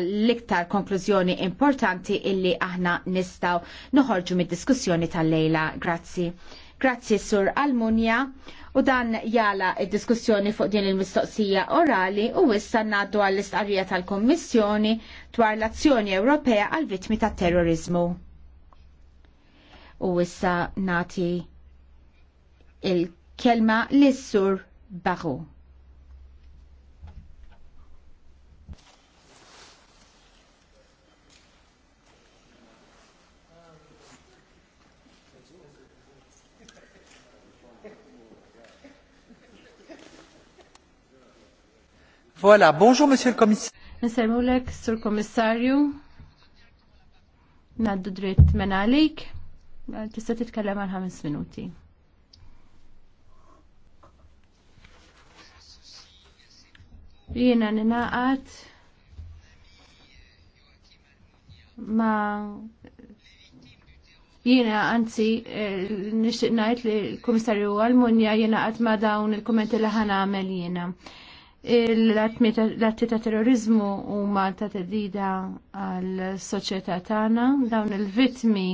l-iktar konklużjoni importanti illi aħna nistaw noħorġu mid-diskussjoni tal-lejla. Grazzi. Grazzi Sur Almunja u dan jala id-diskussjoni fuq din il-mistoqsija orali u issa naddu għall-istqarrija tal-Kommissjoni dwar l-azzjoni Ewropea għal vittmi ta' terrorizmu. U issa nati il-kelma l-Sur Baru. Voilà, bonjour Monsieur le Commissaire. Nsermulek, Sur Kommissarju, naddu dritt men għalik, tista titkellem għal ħames minuti. Jiena ninaqat ma jiena anzi eh, nixtieq ngħid li l-Kummissarju Almunja jiena qatt ma dawn il-kummenti li ħanamel jiena l-atti ta' terrorizmu huma ta' tedida għal soċjetà tagħna dawn il-vitmi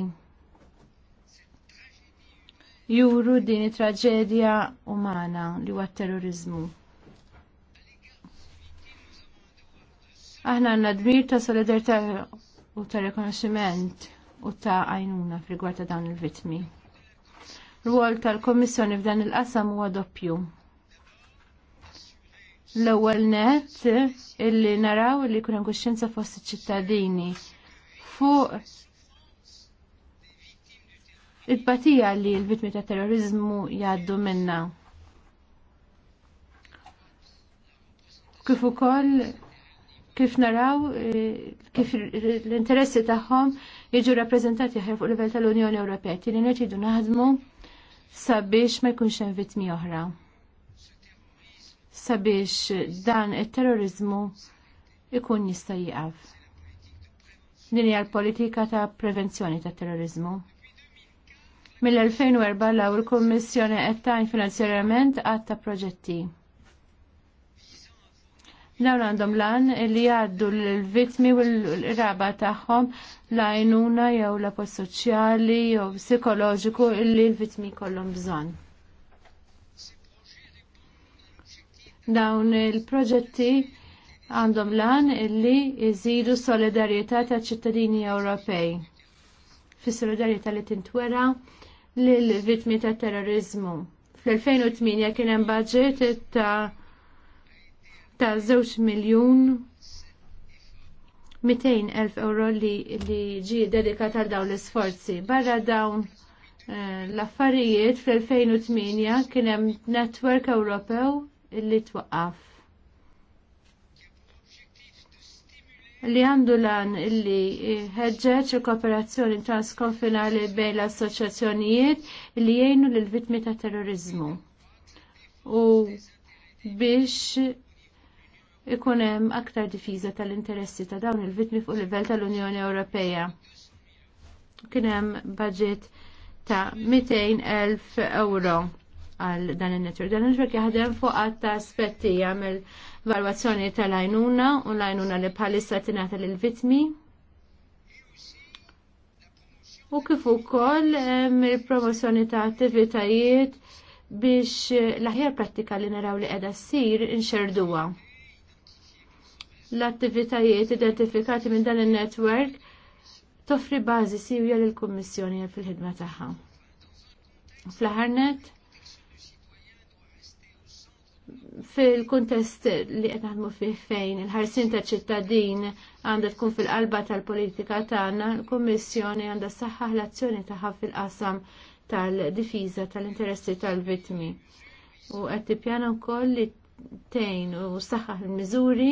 juru din traġedja umana li huwa terrorizmu. Aħna għandna dmir ta' solidarità u ta' rekonoxximent u ta' għajnuna fil ta' dawn il-vitmi. Rwol tal-Komissjoni f'dan il-qasam huwa doppju. L-ewwel net illi naraw li jkun hemm kuxjenza fost iċ-ċittadini fuq it tbatija li l-vittmi ta' terrorizmu jgħaddu minna. Kif ukoll kif naraw kif l-interessi tagħhom jiġu rappreżentati ħer fuq livell tal-Unjoni Ewropea, li nirċidu naħdmu sabiex ma jkunx hemm vittmi oħra sabiex dan il-terrorizmu ikun jista' jiqaf. Din hija l-politika ta' prevenzjoni ta' terrorizmu. Mill-2004 law il-Kummissjoni qed tajn finanzjarjament għad ta' proġetti. Dawn għandhom lan li jgħaddu l-vitmi u l-raba tagħhom lajnuna jew l apost soċjali jew psikoloġiku illi l-vitmi kollhom bżonn. Dawn il-proġetti għandhom lan illi jżidu solidarjetà ta' ċittadini Ewropej. Fi solidarjetà li tintwera lill vittmi ta' terrorizmu. Fl-2008 kien hemm budget ta' ta' 2 miljun 200 elf euro li, li ġi dedikat għal dawn l-isforzi. Barra dawn eh, l-affarijiet fl-2008 kien hemm Network Ewropew illi twaqqaf. Li għandu lan illi ħeġġeġ il-kooperazzjoni transkonfinali bejn l-assoċjazzjonijiet li jgħinu l-vitmi ta' terrorizmu. U biex ikun hemm aktar difiża tal-interessi ta' dawn il-vitmi fuq livell tal-Unjoni Ewropea. Kien hemm budget ta' 200,000 euro għal dan il netwerk Dan il netwerk jaħdem fuq għatta aspetti jgħamil valwazzjoni tal-għajnuna u l-għajnuna li bħalissa tingħata l vitmi U kif ukoll il-promozzjoni ta' attivitajiet biex l-aħjar prattika li naraw li qiegħda ssir inxerduha. L-attivitajiet identifikati minn dan il netwerk toffri bażi sirja lill kummissjoni fil-ħidma tagħha fl-ħarnet fil-kuntest li qed naħdmu fih fejn il-ħarsin ta' ċittadin għandha tkun fil-qalba tal-politika tagħna, l-Kummissjoni għandha saħħaħ l-azzjoni tagħha fil-qasam tal-difiża tal-interessi tal-vittmi. U qed tippjana wkoll li tejn u saħħaħ il-miżuri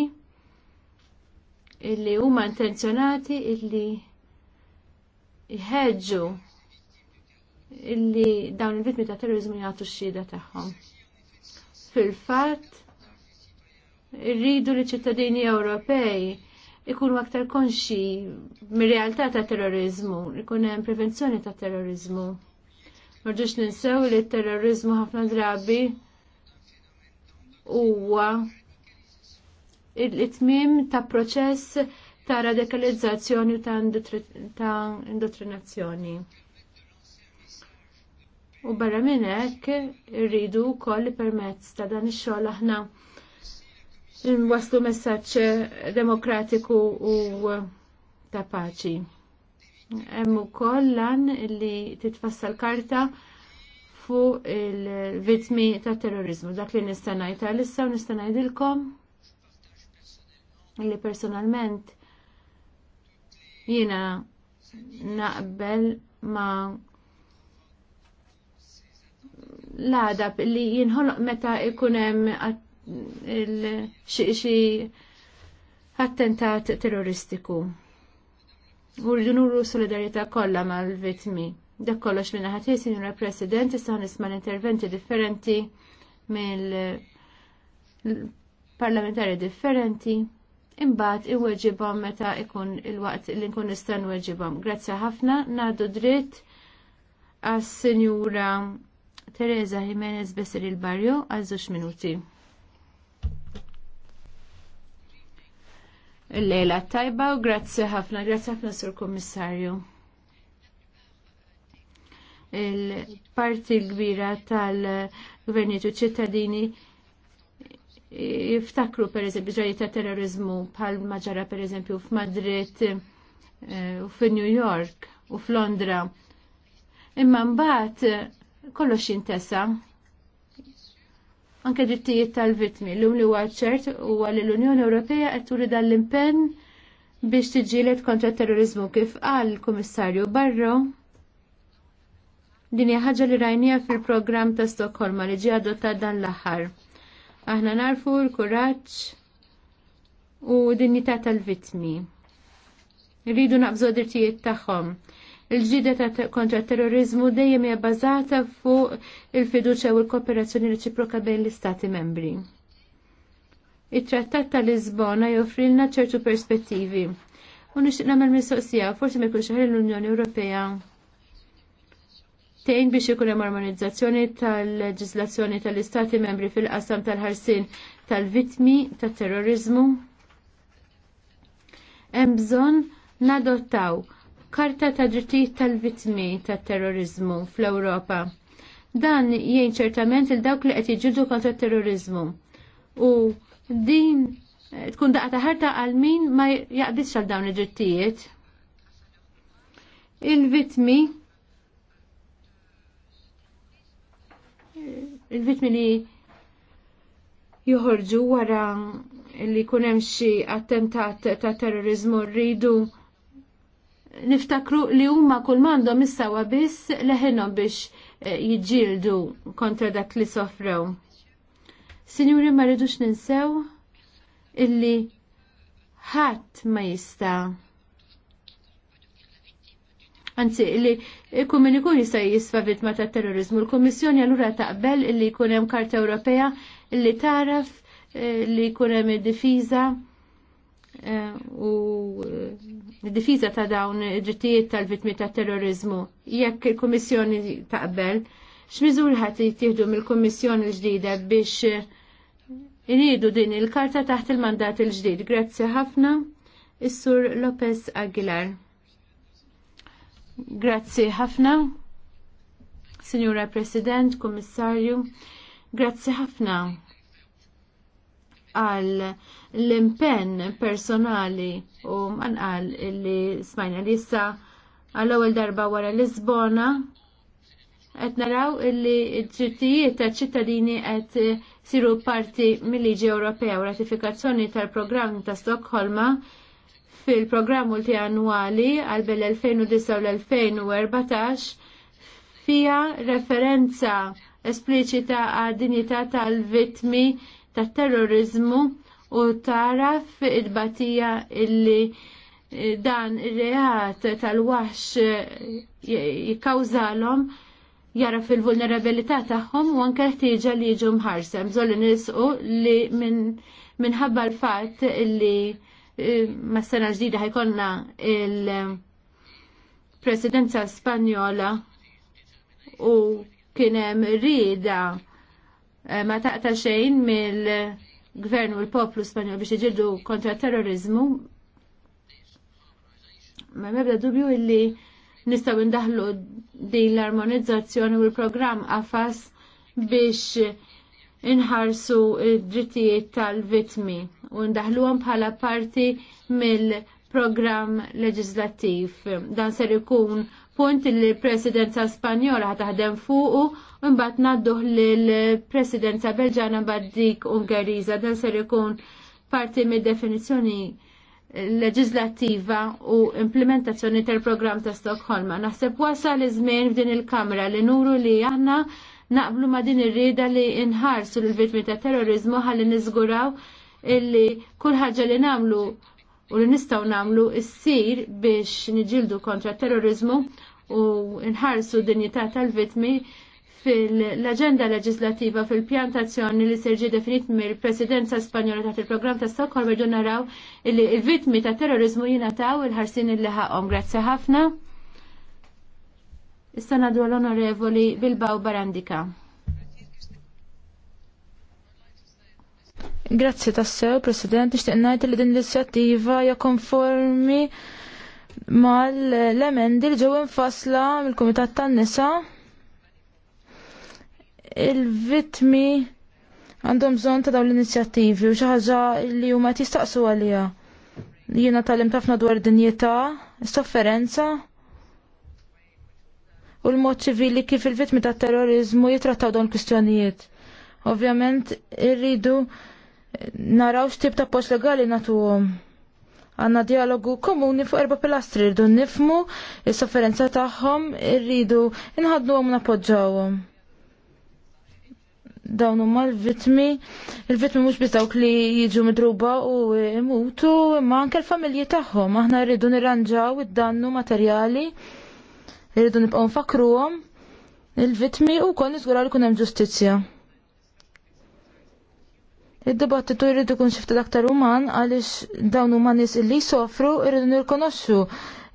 illi huma intenzjonati illi jħeġġu illi dawn il-vittmi ta' terrorizmu jagħtu x-xhieda tagħhom fil-fatt rridu li ċittadini Ewropej ikunu aktar konxi mir-realtà ta' terrorizmu, ikun hemm prevenzjoni ta' terrorizmu. Marġux ninsew li terrorizmu ħafna drabi huwa il-tmim ta' proċess ta' radikalizzazzjoni ta' indottrinazzjoni. U barra minn hekk irridu wkoll permezz ta' dan ix-xogħol aħna nwasslu messaġġ demokratiku u ta' paċi. Hemm ukoll lan li titfassal karta fuq il-vittmi ta' terrorizmu. Dak li nista' ngħid għalissa u nista' ngħidilkom li personalment jiena naqbel ma' l-adab li jinħoloq meta ikunem xie attentat terroristiku. U l-nuru solidarieta kollha mal-vitmi. Dak kollox minna ħati, Signora President, issa nisma' interventi differenti mill-parlamentari differenti imbagħad iweġibhom meta ikun il-waqt li nkun nista' nweġibhom. Grazzi ħafna, ngħadu dritt għas-Sinjura Teresa Jimenez Besser il-Barrio għal żewġ minuti. Il-lejla tajba u grazzi ħafna, grazzi ħafna sur kommissarju. Il-parti gbira tal-gvernitu ċittadini jiftakru per eżempju ġrajiet ta' terrorizmu bħal maġara per eżempju f'Madrid eh, u f'New York u f'Londra. Imma mbagħad kollox jintesa. Anke drittijiet tal-vittmi, l-lum li huwa ċert huwa li l-Unjoni Ewropea qed turi dan l-impenn biex tiġilet kontra terrorizmu kif qal il-Kummissarju Barro. Din hija ħaġa li rajnija fil-programm ta' Stokholma li ġie adottat dan l-aħħar. Aħna narfu l-kuraġġ u dinjità tal-vittmi. Rridu naqbżu drittijiet tagħhom. Il-ġida kontra terrorizmu dejjem hija bbażata fuq il-fiduċja u l-kooperazzjoni reċiproka bejn l-Istati membri. Il-Trattat ta' Lisbona joffrilna ċertu perspettivi. U nixtieq nagħmel mistoqsija, forsi ma jkunx l-Unjoni Ewropea tejn biex ikun hemm armonizzazzjoni tal-leġislazzjoni tal-istati membri fil-qasam tal-ħarsin tal-vitmi tat-terrorizmu. Hemm bżonn nadottaw karta ta' drittijiet tal-vittmi tat terrorizmu fl-Ewropa. Dan jgħin ċertament il dawk li qed jiġġieldu kontra terrorizmu. U din eh, tkun ta' ħarta għal min ma jaqbitx għal dawn id-drittijiet. Il-vittmi il-vittmi li joħorġu wara li kunem xi attentat ta' terrorizmu rridu niftakru li huma kull m'għandhom issawa biss leħinhom biex eh, jiġġieldu kontra dak li sofrew. Sinjuri ma rridux ninsew illi ħadd ma jista' Anzi, li ikun min ikun jista' jisfa' vittma ta' terrorizmu. L-Kummissjoni allura taqbel illi jkun hemm Karta Ewropea li taraf eh, li jkun hemm id-difiża eh, u difiża ta' dawn ġittijiet tal-vitmi ta' terrorizmu. Jekk il-Kummissjoni taqbel, x'miżur ħadd jittieħdu mill-Kummissjoni l-ġdida biex iridu din il-karta taħt il-mandat il-ġdid. Grazzi ħafna, is-Sur Lopez Aguilar. Grazzi ħafna, Signora President, Kummissarju. Grazzi ħafna għal l-impenn personali u manqal li smajna li issa għall ewwel darba wara Lisbona qed naraw illi d-drittijiet tal-ċittadini qed siru parti mill-liġi Ewropea u ratifikazzjoni tal-programm ta' Stokholma fil-programm multianwali għal bel-2009 u l-2014 fija referenza espliċita għad dinjità tal-vitmi tat terrorizmu u taraf il-batija illi eh, dan ir-reat tal wax eh, jikkawżalhom jara fil-vulnerabilità tagħhom u anke ħtieġa li jiġu mħarsem. Bżolli nisqu li minħabba l-fatt li eh, ma sena ġdida ħajkonna il-presidenza Spanjola u kienem rida Eh, ma taqta xejn mill-gvern u l-poplu Spanjol biex iġildu kontra terrorizmu. Ma mebda dubju illi nistaw indaħlu din l-armonizzazzjoni u l-programm għafas biex inħarsu id-drittijiet tal-vitmi u ndaħluhom bħala parti mill-programm leġislattiv. Dan ser ikun punt li l-presidenza spanjola ħataħdem fuqu u mbagħad ngħadduh lill-presidenza belġana mbagħad dik dan ser ikun parti mid-definizzjoni leġislattiva u implementazzjoni tal-programm ta' Stockholm. Naħseb wasal iż-żmien f'din il-Kamra li nuru li aħna naqblu ma' din ir-rieda li nħarsu l-vittmi ta' terrorizmu ħalli niżguraw illi kull ħaġa li nagħmlu u li nistgħu nagħmlu sir biex niġildu kontra terrorizmu u nħarsu dinjità tal-vitmi fil-agenda leġislativa fil-pjantazzjoni li serġi definit mill presidenza Spanjola taħt il-programm ta' Stockholm rridu naraw li il-vitmi ta' terrorizmu jingħataw il-ħarsin il ħaqhom. Grazzi ħafna. Istana nadu l-onorevoli Bilbao Barandika. Grazzi tassew, President, nixtieq ngħid li din l-inizjattiva hija konformi mal-emendi li ġew fasla mill-Kumitat tan-Nisa. Il-vitmi għandhom bżonn ta' dawn l-inizjattivi u xi ħaġa li huma jistaqsu għaliha. Jiena tal-im tafna dwar dinjità, sofferenza, u l-mod ċivili kif il-vittmi tat terrorizmu jitrattaw dawn kwistjonijiet. Ovvjament irridu naraw x'tib ta' post legali natu Għanna dialogu komuni fuq erba pilastri rridu nifmu il sofferenza tagħhom irridu inħadnuhom napoġġawhom. Dawn huma l-vitmi, il-vitmi mhux biss dawk li jiġu midruba u imutu imma anke l-familji tagħhom. Aħna rridu nirranġaw id-dannu materjali, rridu nibqgħu nfakruhom il-vitmi u kol niżguraw li kun hemm ġustizzja. Id-dibattitu jridu kun xifta aktar uman għaliex dawn huma nies li jsofru jridu nirkonoxxu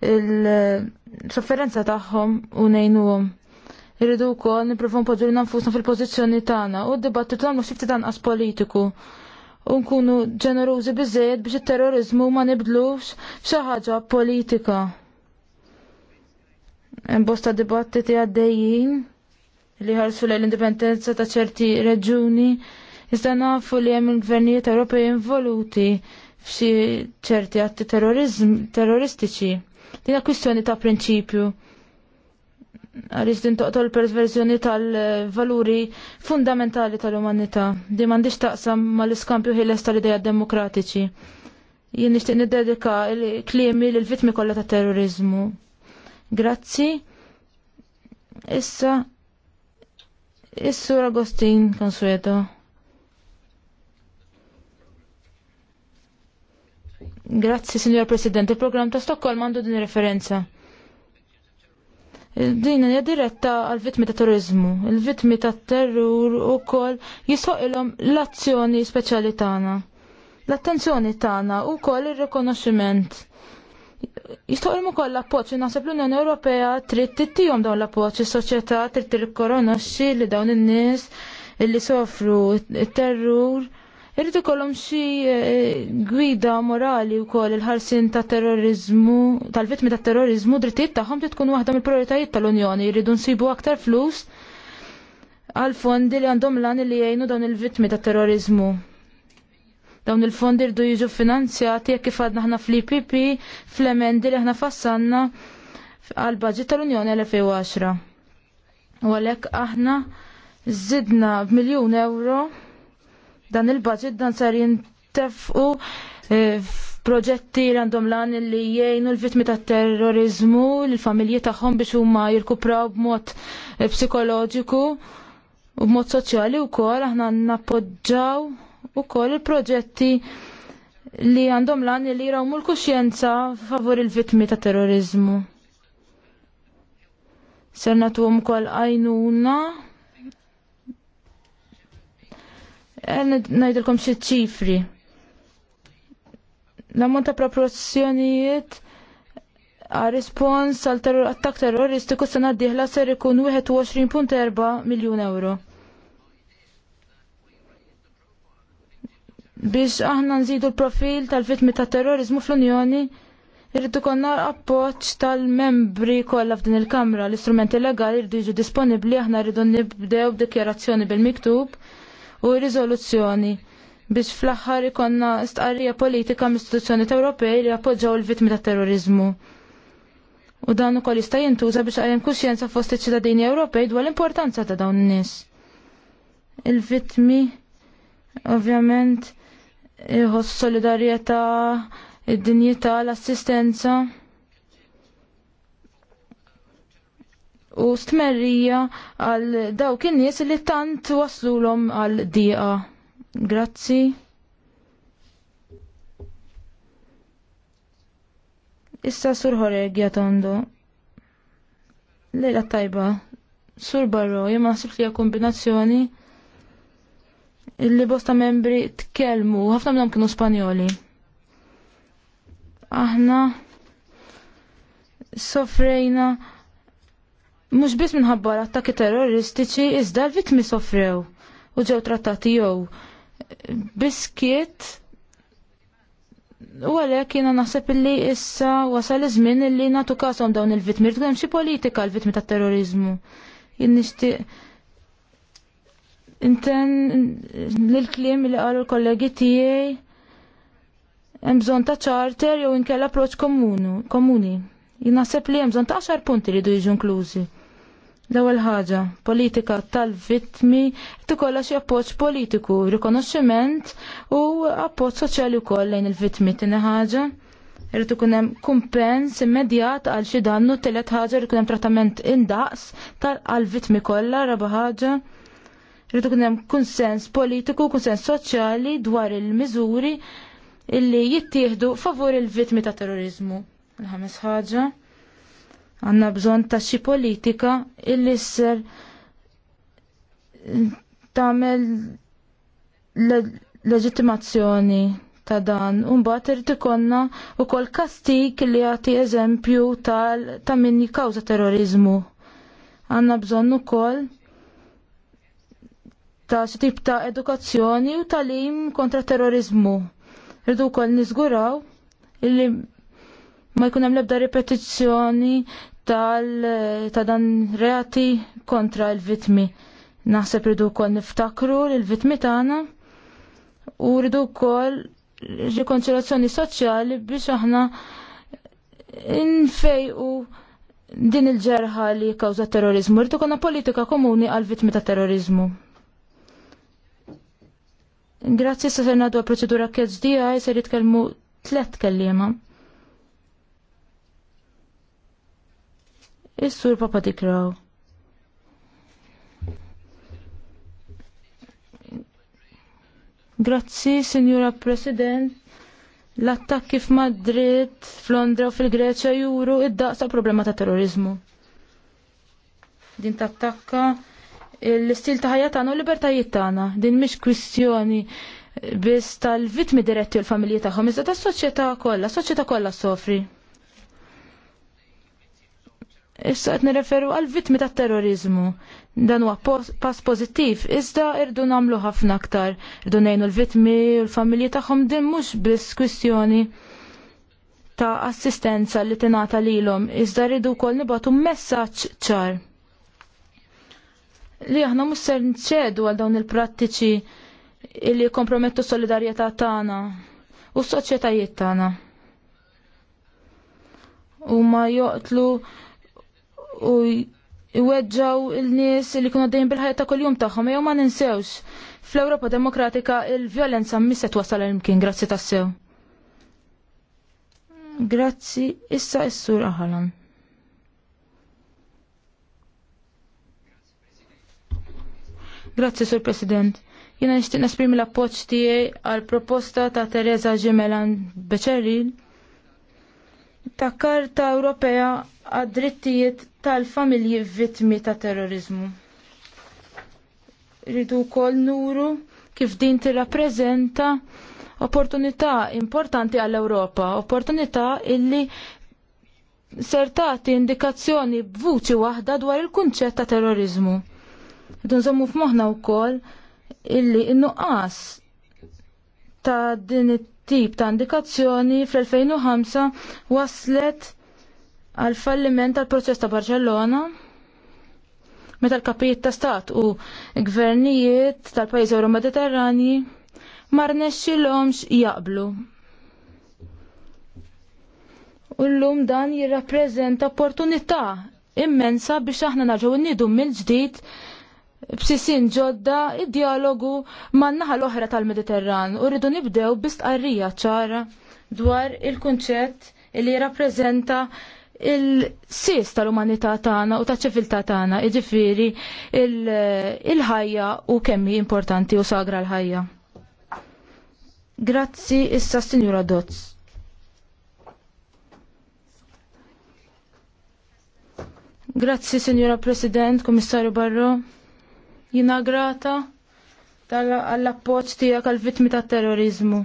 il-sofferenza tagħhom u ngħinuhom. Irridu wkoll nippruvaw npoġġu nfusna fil-pożizzjoni tagħna u d-dibattitu għamlu xifti tanqas politiku u nkunu ġenerużi biżejjed biex it-terrorizmu ma nibdlux xi ħaġa politika. Bosta dibattiti għaddejjin li ħarsu lejn l-indipendenza ta' ċerti reġuni Iżda nafu li hemm il-gvernijiet Ewropej involuti f'xi ċerti atti terroristiċi. Din hija kwistjoni ta' prinċipju. Għaliex din toqtol perverżjoni tal-valuri fundamentali tal-umanità. Din m'għandix taqsam mal-iskampju ħiles tal-idea demokratiċi. Jien nixtieq niddedika l-kliemi lill-vittmi kollha tat terrorizmu. Grazzi. Issa, Is-Sur Agostin Consueto. Grazzi, Signor President. Il-program ta' Stockholm għandu din referenza. Din hija diretta għal vittmi ta' turizmu. Il-vittmi ta' terrur u kol jisħoqilhom l-azzjoni speċjali tagħna. L-attenzjoni tagħna u kol ir-rikonoxximent. Jistgħu ukoll l-appoġġ naħseb l-Unjoni Ewropea trid tittihom dawn l-appoġġ is-soċjetà trid tirrikonoxxi li dawn in-nies illi sofru t-terrur Irrid ikollhom xi eh, gwida morali wkoll il-ħarsin ta' terrorizmu, tal-vittmi ta' terrorizmu, drittijiet ta' trid tkun waħda mill-prioritajiet tal-Unjoni, jridu nsibu aktar flus għal fondi li għandhom lan li jgħinu dawn il-vittmi ta' terrorizmu. Dawn il-fondi rridu jiġu finanzjati jekk kif għadna ħna fl-IPP, fl-emendi li ħna fassanna għal budget tal-Unjoni għal 2010. U għalhekk aħna zidna b'miljun euro Dan il-budget dan sar jintefqu eh, proġetti għandhom lan li jgħinu l-vittmi ta' terrorizmu, l-familji tagħhom biex huma jirkupraw b'mod eh, psikoloġiku u b'mod soċjali wkoll aħna nappoġġaw ukoll il-proġetti li għandhom lan li jrawmu l-kuxjenza favur il-vittmi ta' terrorizmu. Ser natuhom kol għajnuna Eh, najdilkom xie ċifri. L-ammont ta' proporzjonijiet għal rispons għal attak terroristiku sena diħla ser ikun 21.4 miljon euro. Biex aħna nżidu l-profil tal-vittmi ta' terrorizmu fl-Unjoni, irridu konna appoċ tal-membri kollha f'din il-Kamra. L-istrumenti legali irridu jiġu disponibbli aħna rridu nibdew dikjarazzjoni bil-miktub u riżoluzzjoni biex fl-aħħar ikonna stqarrija politika mistituzzjoni Ewropej li appoġġaw il-vittmi tat terrorizmu. U dan ukoll jista' jintuża biex qajjem kuxjenza fost iċ-ċittadini Ewropej dwar l-importanza ta' dawn in-nies. Il-vittmi ovvjament iħossu solidarjetà, id-dinjità, l-assistenza. u stmerrija għal dawk in-nies li tant waslulhom għal diqa. Grazzi. Issa sur ħoreg jatondo. Lejla tajba. Sur barro, jema naħsib li kombinazzjoni illi bosta membri tkellmu, ħafna minnhom kienu Spanjoli. Aħna sofrejna Mhux biss minħabba attakki terroristiċi iżda l-vittmi sofrew u ġew trattati jew eh, biskiet u għalhekk jiena naħseb illi issa wasal iż-żmien illi nagħtu kasom dawn il-vittmi Rtgħem xie xi politika l-vittmi tat-terrorizmu. Inten l-klim li qalu l-kollegi tiegħi hemm bżonn ta' charter jew inkella proċ komuni. Jien naħseb li hemm bżonn ta' ċar punti li du jiġu klużi. L-ewwel ħaġa, politika tal-vittmi tikollha xi appoġġ politiku, rikonoxximent u appoġġ soċjali wkoll lejn il-vittmi tieni ħaġa Irid ikun hemm kumpens immedjat għal xi dannu tielet ħaġa irid ikun hemm trattament indaqs tal vittmi kollha raba ħaġa. irid ikun hemm kunsens politiku, kunsens soċjali dwar il-miżuri illi jittieħdu favur il-vittmi ta' terrorizmu. Il-ħames ħaġa. Għanna bżon ta' xi politika illi s-ser eh, tamel leġitimazzjoni ta' dan. Umbat irrid ikonna wkoll kastik li jagħti eżempju tal ta' min kawza terrorizmu. bżon bżonn ukoll ta' xi tip ta' edukazzjoni u talim kontra terrorizmu. Irridu wkoll niżguraw illi ma jkun hemm l-ebda ripetizzjoni ta' dan reati kontra l-vitmi. Naħseb rridu wkoll niftakru l-vitmi tagħna u rridu wkoll rikonsolazzjoni soċjali biex aħna nfejqu din il-ġerħa li kawża terrorizmu. Rridu konna politika komuni għal vitmi ta' terrorizmu. Grazzi sa' senadu għal procedura kħedż di għaj ser jitkelmu tlet kellima. Is-sur Papa Dikraw. Grazzi, Signora President. L-attakki f'Madrid, f'Londra u fil-Greċja juru id-daqsa problema ta' terrorizmu. Din tattakka l-istil ta' ħajja tagħna u libertajiet tagħna. Din mhix kwistjoni biss tal-vitmi diretti u l-familji tagħhom, iżda tas-soċjetà kollha, soċjetà kollha sofri. Issa qed nirreferu għal vittmi tat terrorizmu. Dan huwa pass pożittiv, iżda irdu nagħmlu ħafna aktar. Irdu ngħinu l-vittmi u l-familji tagħhom din mhux biss kwistjoni ta' assistenza li tingħata lilhom, iżda rridu wkoll nibgħatu messaġġ ċar. Li aħna mhux ser nċedu għal dawn il-prattiċi li kompromettu solidarjetà tagħna u s-soċjetajiet tagħna. U ma joqtlu u iweġġaw il-nies li kuna dejjem bil-ħajja ta' kuljum tagħhom jew ma ninsewx. Fl-Ewropa Demokratika il-vjolenza missa twasal imkien grazzi sew. Grazzi, issa issur sur aħalan. Grazzi, Sur President. Jena nishtiq nesprimi l-appoċ tiegħi għal proposta ta' Teresa Ġimelan Beċeril ta' Karta Ewropea għad-drittijiet tal-familji vittmi ta' terrorizmu. Ridu kol nuru kif din tirrappreżenta opportunità importanti għall-Ewropa, opportunità illi sertati indikazzjoni b'vuċi waħda dwar il-kunċett ta' terrorizmu. Dunżommu f'moħna wkoll illi n-nuqqas ta' din it-tip ta' indikazzjoni fl-2005 waslet għal falliment tal proċess ta' Barcellona meta l-kapijiet ta' stat u gvernijiet tal-pajjiż Euro Mediterrani ma rnexxilhomx jaqblu. U llum dan jirrappreżenta opportunità immensa biex aħna naġgħu nnidu mill-ġdid b'sisin ġodda id-dialogu man-naħa l-oħra tal-Mediterran u rridu nibdew bistqarrija ċara dwar il-kunċett li jirrappreżenta il-sis tal-umanità tagħna u taċ-ċiviltà tagħna, jiġifieri il-ħajja u kemm hi importanti u sagra l-ħajja. Grazzi issa Sinjura Dotz. Grazzi Sinjura President, Komissarju Barro. Jina grata tal-appoċ tijak għal-vitmi ta' terrorizmu.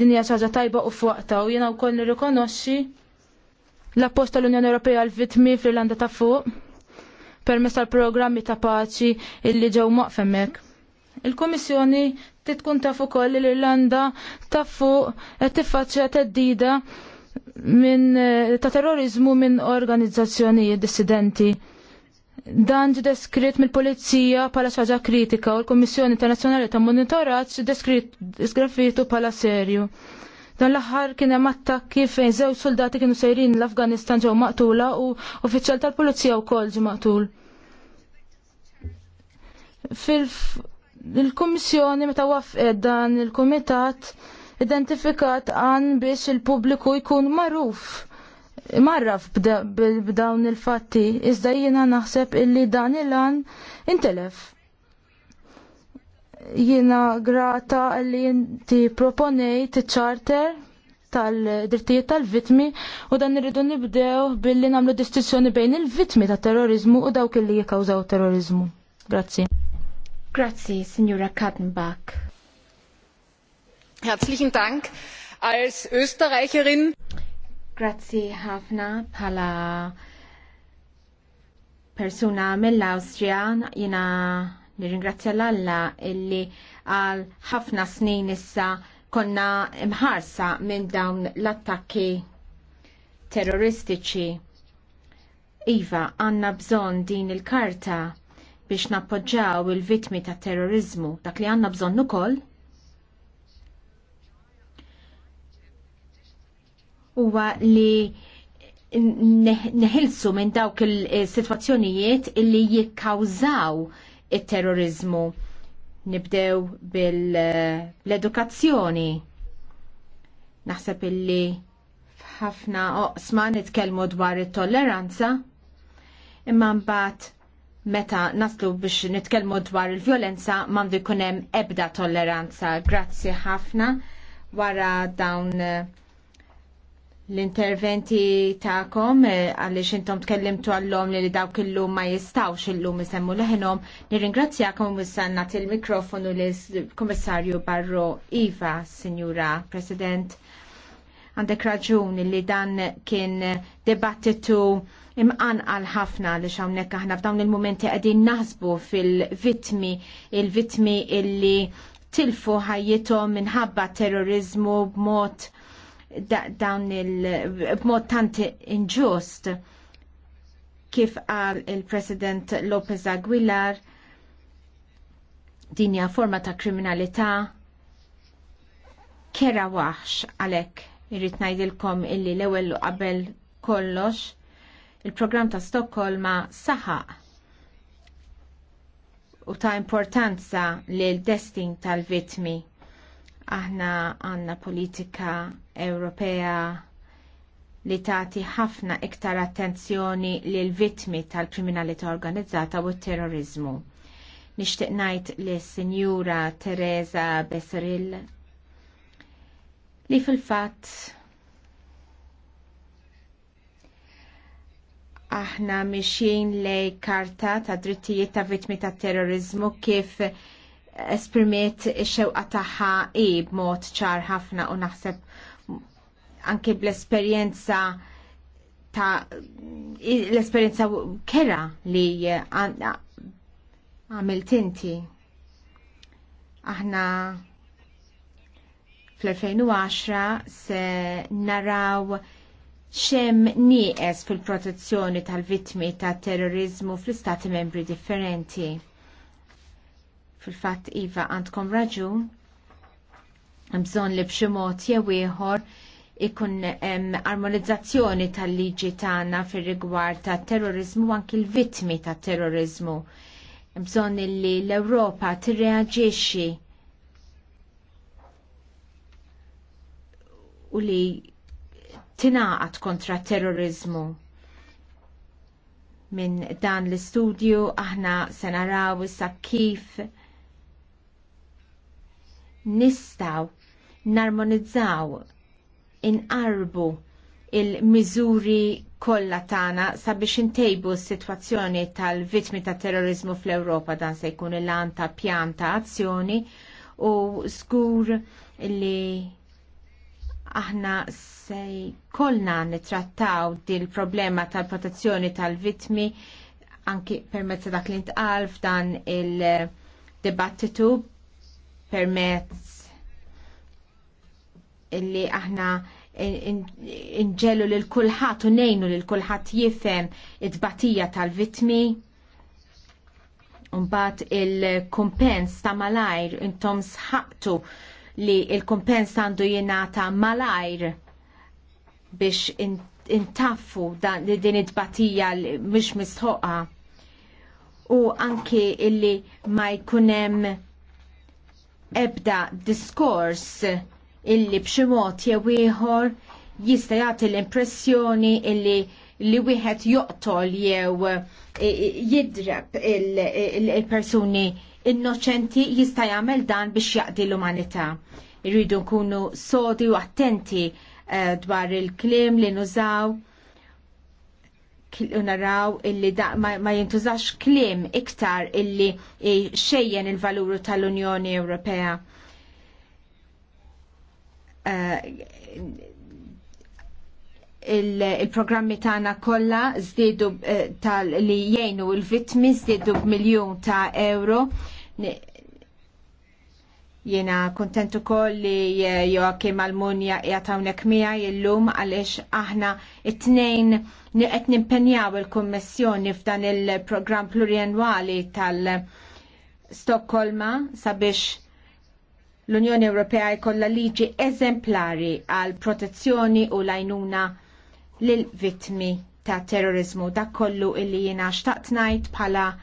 Din hija ħaġa tajba u fuqta u jiena wkoll nirrikonoxxi l-appoċ tal-Unjoni Ewropea għal-vitmi fl-Irlanda ta' fuq permess tal-programmi ta' paċi illi ġew maqfemmek. Il-Komissjoni titkun taf ukoll l-Irlanda ta' fuq qed tiffaċċja teddida minn eh, ta' terrorizmu minn organizzazzjonijiet dissidenti. Dan deskrit mill-Polizija pala xaġa kritika u l-Kommissjoni Internazzjonali ta' Monitoraġġ deskrit sgraffitu pala serju. Dan l-aħħar kien hemm attakki fejn żewġ soldati kienu sejrin l-Afganistan ġew maqtula u uffiċjal tal-Pulizija wkoll ġi maqtul. Fil-Kommissjoni meta wafqet dan il-Kumitat identifikat għan biex il-pubbliku jkun magħruf marraf b'dawn il-fatti, iżda jiena naħseb illi dan il-għan intelef. Jiena grata li inti proponejt ċarter tal-drittijiet tal-vitmi u dan irridu nibdew billi namlu distinzjoni bejn il-vitmi ta' terrorizmu u dawk illi jikkawżaw terrorizmu. Grazzi. Grazzi, Signora Kattenbach. Herzlichen Dank. Als Österreicherin Grazzi ħafna bħala persuna mill-Austria jina nirringrazzja l-Alla illi għal ħafna snin issa konna mħarsa minn dawn l-attakki terroristiċi. Iva, għanna bżon din il-karta biex nappoġġaw il-vitmi ta' terrorizmu, dak li għanna bżon ukoll huwa li neħilsu minn dawk il-situazzjonijiet illi jikkawżaw it-terrorizmu. Nibdew bil-edukazzjoni. Naħseb illi ħafna oqsma nitkellmu dwar it-tolleranza, imma mbagħad meta naslu biex nitkellmu dwar il-vjolenza m'għandu jkun hemm ebda tolleranza. Grazzi ħafna wara dawn l-interventi ta'kom eh, għaliex intom tkellimtu għallom li dawk illum ma jistawx illum isemmu leħenom. Nirringrazzjakom wissanna il-mikrofonu li komissarju Barro Iva, Signora President. Għandek raġun li dan kien debattitu imqan għal ħafna li xawnek aħna f'dawn il-momenti għedin naħsbu fil-vitmi, il-vitmi illi tilfu ħajjitom minħabba terrorizmu b'mod dawn il b'mod tant inġust kif qal il-President Lopez Aguilar dinja forma ta' kriminalità kera waħx għalek irrit najdilkom illi l ewwel qabel kollox il-programm ta' Stokkolma saħaq u ta' importanza l-destin tal-vitmi Aħna għanna politika Ewropea li tagħti ħafna iktar attenzjoni l vittmi tal-kriminalità organizzata u t-terrorizmu. Nixtieq ngħid li sinjura Teresa Besseril li fil-fatt aħna mixin lej karta ta' drittijiet ta' vittmi ta' terrorizmu kif esprimiet xewqa tagħha i b'mod ċar ħafna u naħseb anke bl-esperjenza ta' l-esperjenza kera li għamilt inti. Aħna fl-2010 se naraw xem nieqes fil-protezzjoni tal-vittmi ta' terrorizmu fl-istati membri differenti Fil-fatt Iva għandkom raġun, bżon li b'xi mod jew ieħor ikun armonizzazzjoni tal-liġi tagħna fir-rigward ta' terrorizmu anki l-vittmi ta' terrorizmu. Bżon li l-Ewropa tirreaġixxi u li tinaqat kontra terrorizmu. Minn dan l-istudju aħna se naraw issa kif nistaw narmonizzaw inqarbu il-miżuri kollha tagħna sabiex intejbu s-sitwazzjoni tal-vittmi ta' terrorizmu fl-Ewropa dan se jkun il-lan ta' pjan ta' azzjoni u żgur li aħna se kollna nitrattaw dil problema tal-protezzjoni tal-vittmi anki permezz dak li ntqal f'dan il-dibattitu permezz illi aħna inġellu lil kulħadd u nejnu lil kulħadd jifhem it-batija tal-vitmi. Mbagħad il-kumpens ta' malajr intom sħabtu li il-kumpens għandu jingħata malajr biex intaffu li din it-batija mish mistħoqa u anki illi ma jkunem hemm ebda diskors illi b'xi mod jew ieħor jista' jagħti l-impressjoni illi li wieħed joqtol jew eh, jidrab il-persuni innoċenti jista' jagħmel dan biex jaqdi l-umanità. Irridu nkunu sodi u attenti eh, dwar il-klim li nużaw naraw illi da, ma, ma jintużax klim iktar illi xejjen il-valuru tal-Unjoni Ewropea. Uh, il-programmi il tagħna kollha żdiedu uh, tal li jgħinu l-vittmi żdiedu b'miljun ta' euro Jena kontentu koll li eh, Joachim Almunja jatawnek mija jillum għalix aħna it-tnejn qed nimpenjaw il-Kummissjoni f'dan il-programm pluriennwali tal-Stokkolma sabiex l-Unjoni Ewropea jkollha liġi eżemplari għal protezzjoni u lajnuna lil vittmi ta' terrorizmu. Dak kollu illi jiena xtaqt ngħid bħala eh,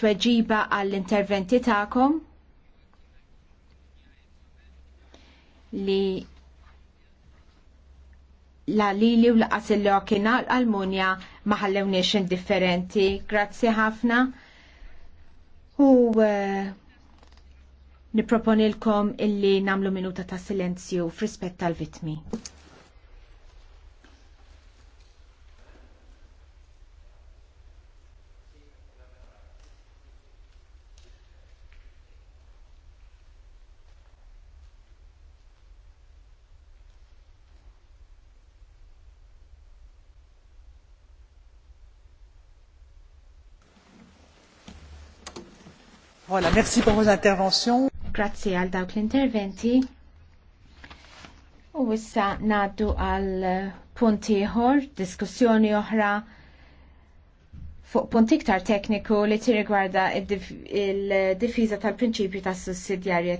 tweġiba għall-interventi tagħkom li la lili u laqas il-lokina l-Almunja maħallewniex indifferenti. Grazzi ħafna. U uh, niproponilkom illi namlu minuta ta' silenzju frispett tal-vitmi. Voilà, merci pour vos interventions. Grazie għal dawk l-interventi. U issa naddu għal punti ieħor, diskussjoni oħra fuq punti iktar tekniku li tirrigwarda il-difiża tal-prinċipju tas-sussidjarjetà.